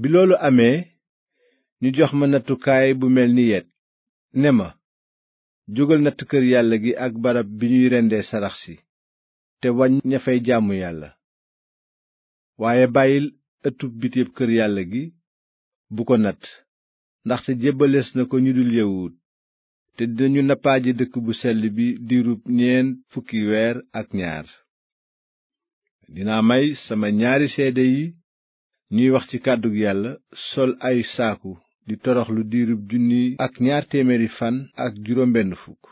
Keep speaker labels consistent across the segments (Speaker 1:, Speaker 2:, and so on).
Speaker 1: bi loolu amee ñu jox ma nattukaay bu mel ni yet ne ma jógal natt kër yàlla gi ak barab bi ñuy rendee sarax si te wàññi ña fay jaamu yàlla waaye bàyyil ëttub bitib kër yàlla gi bu ko natt ndaxte jébbalees na ko ñu dul yawut te dinañu nappaaje dëkk bu sell bi diirub ñeent fukki weer ak ñaar dinaa may sama ñaari seede yi ñuy wax ci kàddug yàlla sol ay saaku di toroxlu diirub junni ak ñaar téeméeri ak juróom fukk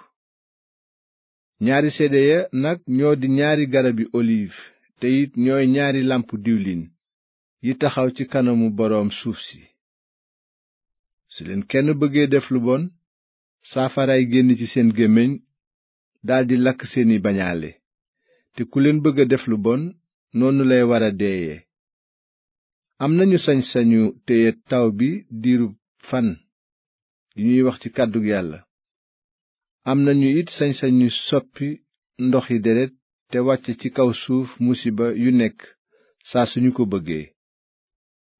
Speaker 1: ñaari seede ya nag ñoo di ñaari garabi olive te it ñooy ñaari làmp diwlin yi taxaw ci kanamu boroom suuf si su leen kenn bëggee def lu bon saafaraay génn ci seen gémmiñ daldi lakk seeni bañaale te ku leen bëgg def lu bon noonu lay wara a am nañu sañ-sañu téye taw bi diiru fan yi ñuy wax ci kàddu yàlla am nañu it sañ-sañu soppi ndox yi deret te wàcc ci kaw suuf musiba yu nekk saa suñu ko bëggee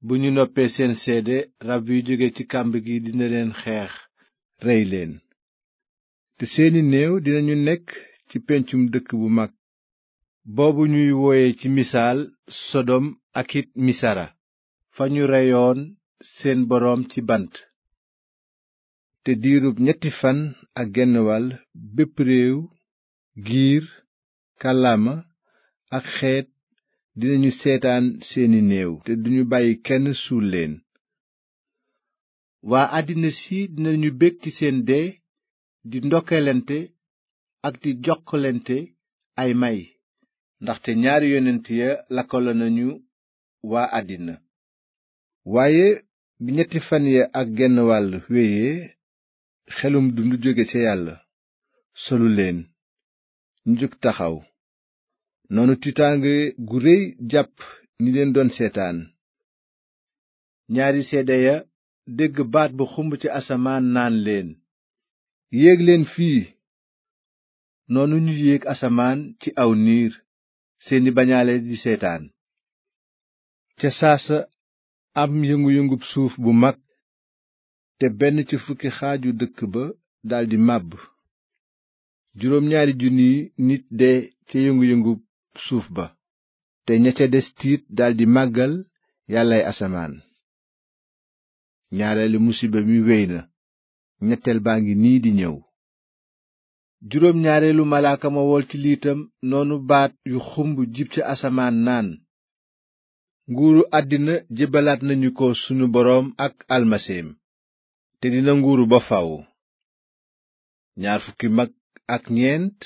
Speaker 1: bu ñu noppee seen seede rab yu jóge ci kàmb gi dina leen xeex rey leen te seeni néew dinañu nekk ci pencum dëkk bu mag boobu ñuy wooye ci misaal sodom ak it misara fa ñu reyoon seen boroom ci bant te diirub ñetti fan ak genn wàll bépp réew giir kàllaama ak xeet dinañu seetaan seeni néew te duñu bàyyi kenn suul leen waa àddina si dinañu bég ci seen dee di ndokkelente ak di jokkalante ay may ndaxte ñaari yonent ya lakkaloon nañu waa àddina waaye bi ñetti fan ya ak genn wàll wéyee xelum dund jóge ca yàlla solu leen ñu jóg taxaw noonu tiitaange gu réy jàpp ñi leen doon seetaan ñaari seede ya dégg baat bu xumb ci asamaan naan leen yéeg leen fii noonu ñu yéeg asamaan ci aw niir seeni bañaale di seetaan am yëngu-yëngub suuf bu mag te benn ci fukki xaaju dëkk ba daldi màbb juróom ñaari junni nit dee ca yëngu-yëngub suuf ba te ña ca des tiit daldi màggal yàllay asamaan ñaareelu musiba mi wéy na ñetteel baa ngi nii di ñëw juróom ñaareelu noonu baat yu xumb jib asamaan naan nguuru àddina jébbalaat nañu ko sunu boroom ak almaseem te dina nguuru ba faw ñaar fukki mag ak ñeent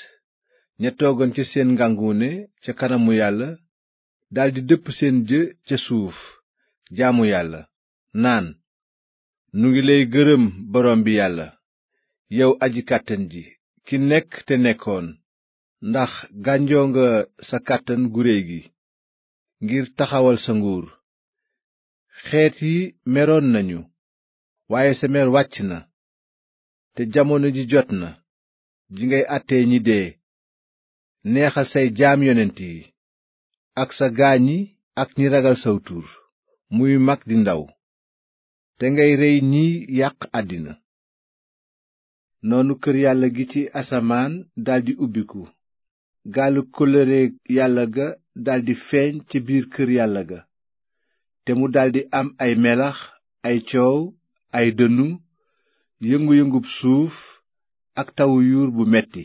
Speaker 1: ña toogoon ca seen ngànguune ca kanamu yàlla daldi dëpp seen jë ca suuf jaamu yàlla naan nu ngi lay gërëm borom bi yàlla yow aji kàttan ji ki nekk te nekkoon ndax gànjoo nga sa kàttan gu réy gi ngir taxawal sa nguur xeet yi meroon nañu waaye sa mer wàcc na te jamono ji jot na ji ngay àttee ñi dee neexal say jaam yonent yi ak sa gaañ yi ak ñi ragal saw tur muy mag di ndaw te ngay rey ñiy yàq àddina noonu kër yàlla gi ci asamaan daldi ubbiku gaalu kóllëre yàlla ga daldi feeñ ca biir kër yàlla ga te mu daldi am ay melax ay coow ay dënnu yëngu yëngu suuf ak tawu yuur bu metti